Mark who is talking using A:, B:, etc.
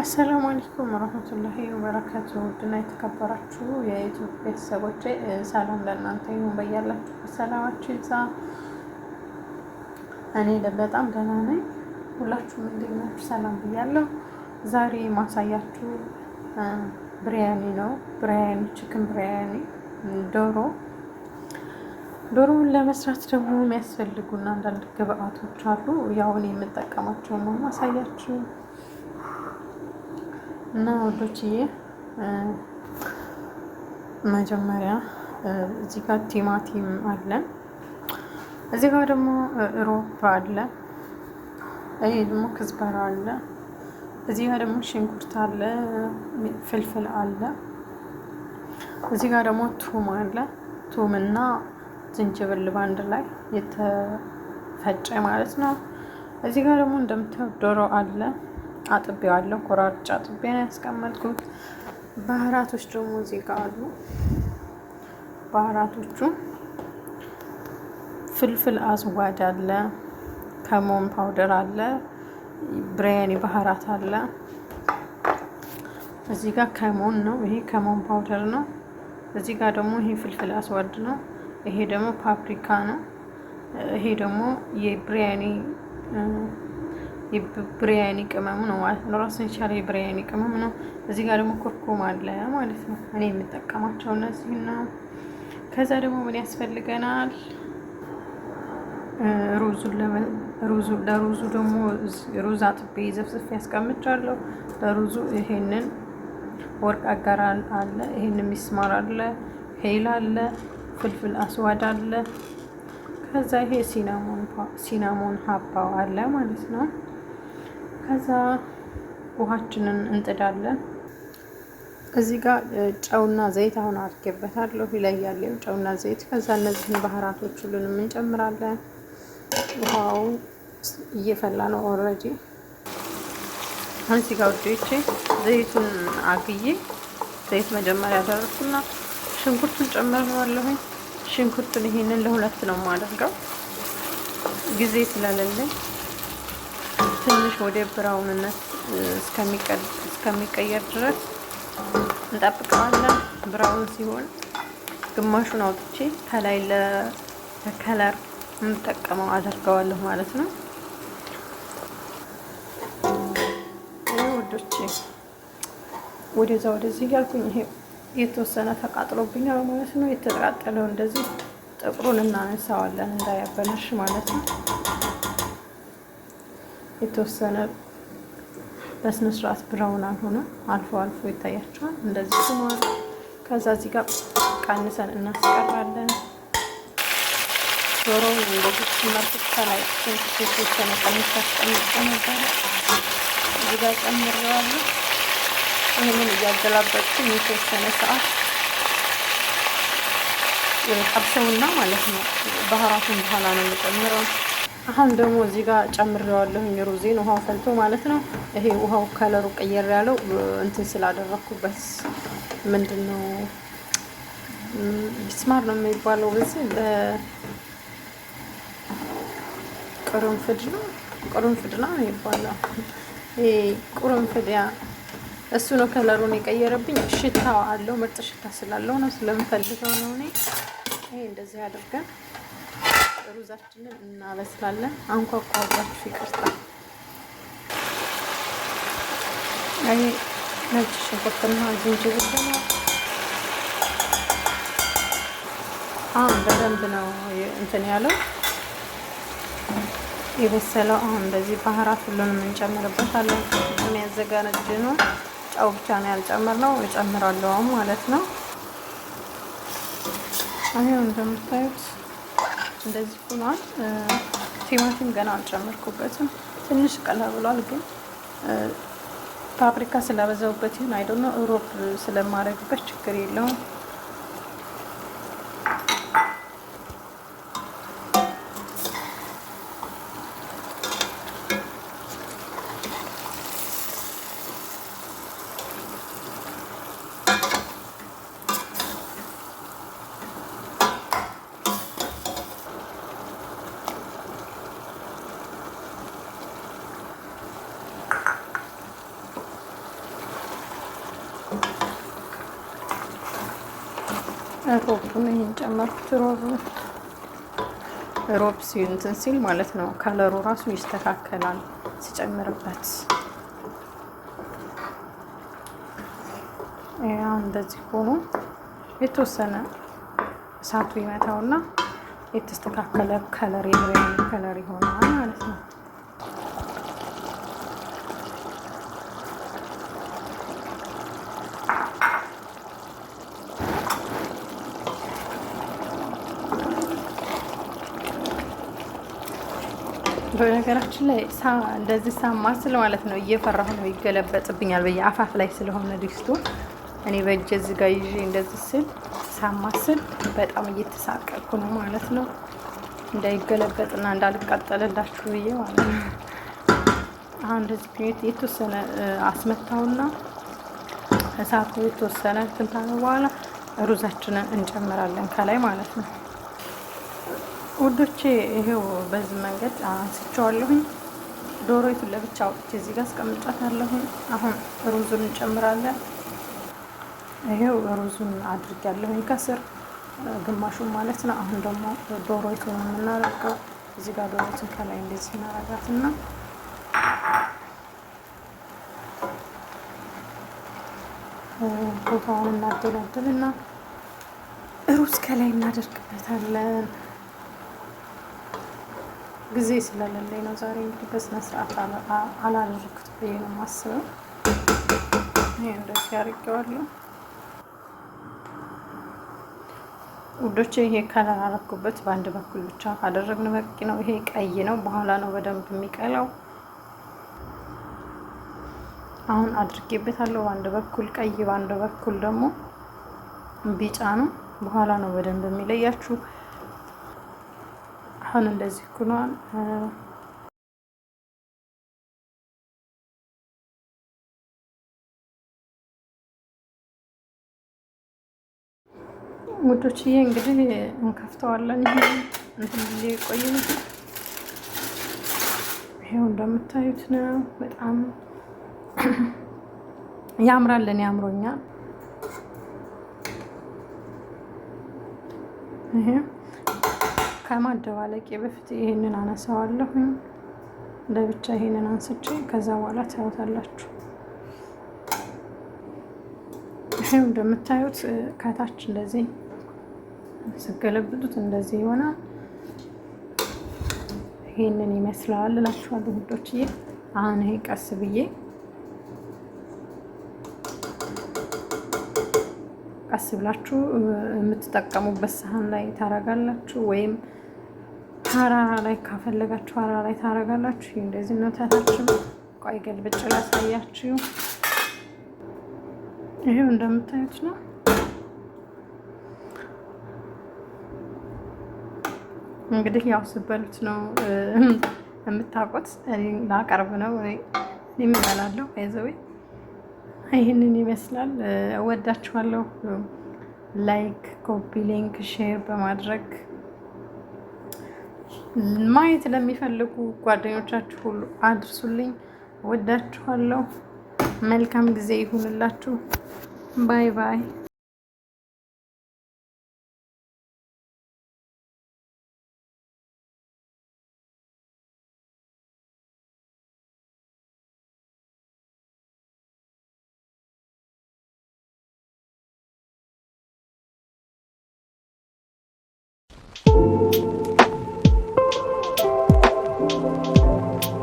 A: አሰላሙ አለይኩም ወረህመቱላሂ ወበረካቱ። ውድና የተከበራችሁ የኢትዮጵያ ቤተሰቦች ሰላም ለእናንተ ይሁን፣ በያላችሁ ሰላማችሁ ይዛ እኔ በጣም ደህና ነኝ። ሁላችሁም እንዴት ናችሁ? ሰላም ብያለሁ። ዛሬ ማሳያችሁ ብሪያኒ ነው። ብሪያኒ ችክን ብሪያኒ ዶሮ ዶሮውን ለመስራት ደግሞ የሚያስፈልጉና አንዳንድ ግብአቶች አሉ። ያውን የምጠቀማቸው ነው ማሳያችሁ እና ወዶችዬ መጀመሪያ እዚህ ጋር ቲማቲም አለን። እዚህ ጋር ደግሞ ሮፕ አለ። ይሄ ደግሞ ክዝበራ አለ። እዚህ ጋር ደግሞ ሽንኩርት አለ፣ ፍልፍል አለ። እዚህ ጋር ደግሞ ቱም አለ። ቱም እና ዝንጅብል ባንድ ላይ የተፈጨ ማለት ነው። እዚህ ጋር ደግሞ እንደምታየው ዶሮ አለ። አጥቤዋለሁ። ኮራርጭ አጥቤ ነው ያስቀመጥኩት። ባህራቶች ደግሞ እዚህ ጋር አሉ። ባህራቶቹ ፍልፍል አስዋድ አለ፣ ከሞን ፓውደር አለ፣ ብሪያኒ ባህራት አለ። እዚህ ጋር ከሞን ነው፣ ይሄ ከሞን ፓውደር ነው። እዚህ ጋር ደግሞ ይሄ ፍልፍል አስዋድ ነው። ይሄ ደግሞ ፓፕሪካ ነው። ይሄ ደግሞ የብሪያኒ የብሪያኒ ቅመም ነው ማለት ነው። ራሱን የቻለ የብሪያኒ ቅመም ነው። እዚህ ጋር ደግሞ ኩርኩም አለ ማለት ነው። እኔ የምጠቀማቸው እነዚህ ነው። ከዛ ደግሞ ምን ያስፈልገናል? ለሩዙ ደግሞ ሩዝ አጥቤ ዘፍዝፍ ያስቀምጫለሁ። ለሩዙ ይሄንን ወርቅ አጋር አለ፣ ይሄን ሚስማር አለ፣ ሄል አለ፣ ፍልፍል አስዋድ አለ። ከዛ ይሄ ሲናሞን ሀባው አለ ማለት ነው። ከዛ ውሃችንን እንጥዳለን። እዚህ ጋር ጨውና ዘይት አሁን አድርጌበታለሁ። ይለያለው ጨውና ዘይት። ከዛ እነዚህን ባህራቶች ሁሉንም እንጨምራለን። ውሃው እየፈላ ነው ኦልሬዲ። አሁን እዚህ ጋር ውዶቼ ዘይቱን አግዬ ዘይት መጀመሪያ ያደረኩና ሽንኩርቱን ጨምረዋለሁኝ። ሽንኩርቱን ይሄንን ለሁለት ነው የማደርገው ጊዜ ስላለለኝ ትንሽ ወደ ብራውንነት እስከሚቀየር ድረስ እንጠብቀዋለን። ብራውን ሲሆን ግማሹን አውጥቼ ከላይ ለከለር የምጠቀመው አደርገዋለሁ ማለት ነው ውዶቼ። ወደዛ ወደዚህ እያልኩኝ ይሄ የተወሰነ ተቃጥሎብኛል ማለት ነው። የተቃጠለው እንደዚህ ጥቁሩን እናነሳዋለን እንዳያበላሽ ማለት ነው። የተወሰነ በስነ ስርዓት ብራውን አልሆነ አልፎ አልፎ ይታያቸዋል። እንደዚህ ስሟል። ከዛ እዚህ ጋር ቀንሰን እናስቀራለን። ዶሮ እንደዚህ ሲመርጥ ከላይ ሽንኩርት የተወሰነ ቀንስ አስቀምጬ ነበረ። እዚህ ጋር ጨምሬዋለሁ። ይህንን እያገላበጥኩኝ የተወሰነ ሰዓት ጠብሰውና ማለት ነው። ባህራቱን በኋላ ነው የሚጨምረው አሁን ደግሞ እዚህ ጋር ጨምሬዋለሁኝ ሩዜን ውሃው ፈልቶ ማለት ነው። ይሄ ውሃው ከለሩ ቀየር ያለው እንትን ስላደረኩበት ምንድን ነው ቢስማር ነው የሚባለው በዚህ በቅርንፍድ ነው ቅርንፍድ ነው የሚባለው ይሄ ቅርንፍድ ያ እሱ ነው ከለሩን የቀየረብኝ። ሽታ አለው ምርጥ ሽታ ስላለው ነው ስለምፈልገው ነው እኔ ይሄ እንደዚህ አድርገን ሩዛችንን እናበስላለን። አንኳኳባችሁ ይቅርታ። አይ ነጭ ሽንኩርትና ዝንጅብል ደግሞ አሁን በደንብ ነው እንትን ያለው የበሰለው። አሁን እንደዚህ ባህራት ሁሉንም እንጨምርበታለን። የሚያዘጋጅ ነው። ጨው ብቻ ነው ያልጨመርነው። እጨምራለሁ ማለት ነው። አሁን እንደምታዩት እንደዚህ ሆኗል። ቲማቲም ገና አልጨመርኩበትም። ትንሽ ቀላ ብሏል፣ ግን ፓፕሪካ ስላበዛውበት ይሁን አይደነ ሮብ ስለማድረግበት ችግር የለውም። ሮብ ነው ጨመርኩት። ሮብ ሮብ እንትን ሲል ማለት ነው ከለሩ ራሱ ይስተካከላል ሲጨምርበት። ያው እንደዚህ ሆኖ የተወሰነ እሳቱ ይመታውና የተስተካከለ ከለር የብሬያኒ ከለር ይሆናል ማለት ነው። በነገራችን ላይ እንደዚህ ስል ማለት ነው እየፈራሁ ነው ይገለበጥብኛል። በየ አፋፍ ላይ ስለሆነ ድስቱ እኔ በእጄ እዚህ ጋር ይዤ እንደዚህ ስል ሳማስል በጣም እየተሳቀቅኩ ነው ማለት ነው እንዳይገለበጥና እንዳልቃጠልላችሁ ብዬ ማለት ነው። አሁን እንደዚህ የተወሰነ አስመታውና እሳቱ የተወሰነ ትንታነ በኋላ ሩዛችንን እንጨምራለን ከላይ ማለት ነው። ውዶቼ ይሄው በዚህ መንገድ አንስቼዋለሁኝ። ዶሮይቱን ለብቻ አውጥቼ እዚህ ጋር አስቀምጫታለሁኝ። አሁን ሩዙን እንጨምራለን። ይሄው ሩዙን አድርጌያለሁኝ ከስር ግማሹን ማለት ነው። አሁን ደግሞ ዶሮይቱን የምናደርገው እዚህ ጋር ዶሮይቱን ከላይ እንደዚህ እናደርጋትና ቦታውን እናደላድልና ሩዝ ከላይ እናደርግበታለን። ጊዜ ስለሌለኝ ነው። ዛሬ እንግዲህ በስነ ስርዓት አላደረግኩት ብዬ ነው የማስበው። ይሄ እንደዚህ አድርጌዋለሁ ውዶች። ይሄ ከለር አረኩበት በአንድ በኩል ብቻ ካደረግን በቂ ነው። ይሄ ቀይ ነው፣ በኋላ ነው በደንብ የሚቀላው። አሁን አድርጌበታለሁ። በአንድ በኩል ቀይ፣ በአንድ በኩል ደግሞ ቢጫ ነው። በኋላ ነው በደንብ የሚለያችሁ። አሁን እንደዚህ ኩኗል። ውዶችዬ እንግዲህ እንከፍተዋለን። ይሄ እንትን ቆይ ይሄው እንደምታዩት ነው። በጣም ያምራለን፣ እኔ ይሄ ከማደባለቂ በፊት ይህንን አነሳዋለሁኝ ለብቻ ይህንን አንስቼ ከዛ በኋላ ታዩታላችሁ። ይህም እንደምታዩት ከታች እንደዚህ ስገለብጡት እንደዚህ ይሆናል። ይህንን ይመስላል እላችኋለሁ ውዶችዬ። አሁን ይሄ ቀስ ብዬ ቀስ ብላችሁ የምትጠቀሙበት ሰሃን ላይ ታረጋላችሁ ወይም አራራ ላይ ካፈለጋችሁ አራራ ላይ ታረጋላችሁ። እንደዚህ ነው ተታችሁ። ቆይ ገልብጬ ላሳያችሁ። ይሄው እንደምታዩት ነው። እንግዲህ ያው ስበሉት ነው የምታውቁት። ላቀርብ ነው የሚበላለሁ ይዘዌ ይህንን ይመስላል። እወዳችኋለሁ። ላይክ፣ ኮፒ ሊንክ፣ ሼር በማድረግ ማየት ለሚፈልጉ ጓደኞቻችሁ ሁሉ አድርሱልኝ። ወዳችኋለሁ። መልካም ጊዜ ይሁንላችሁ። ባይ ባይ Thank you.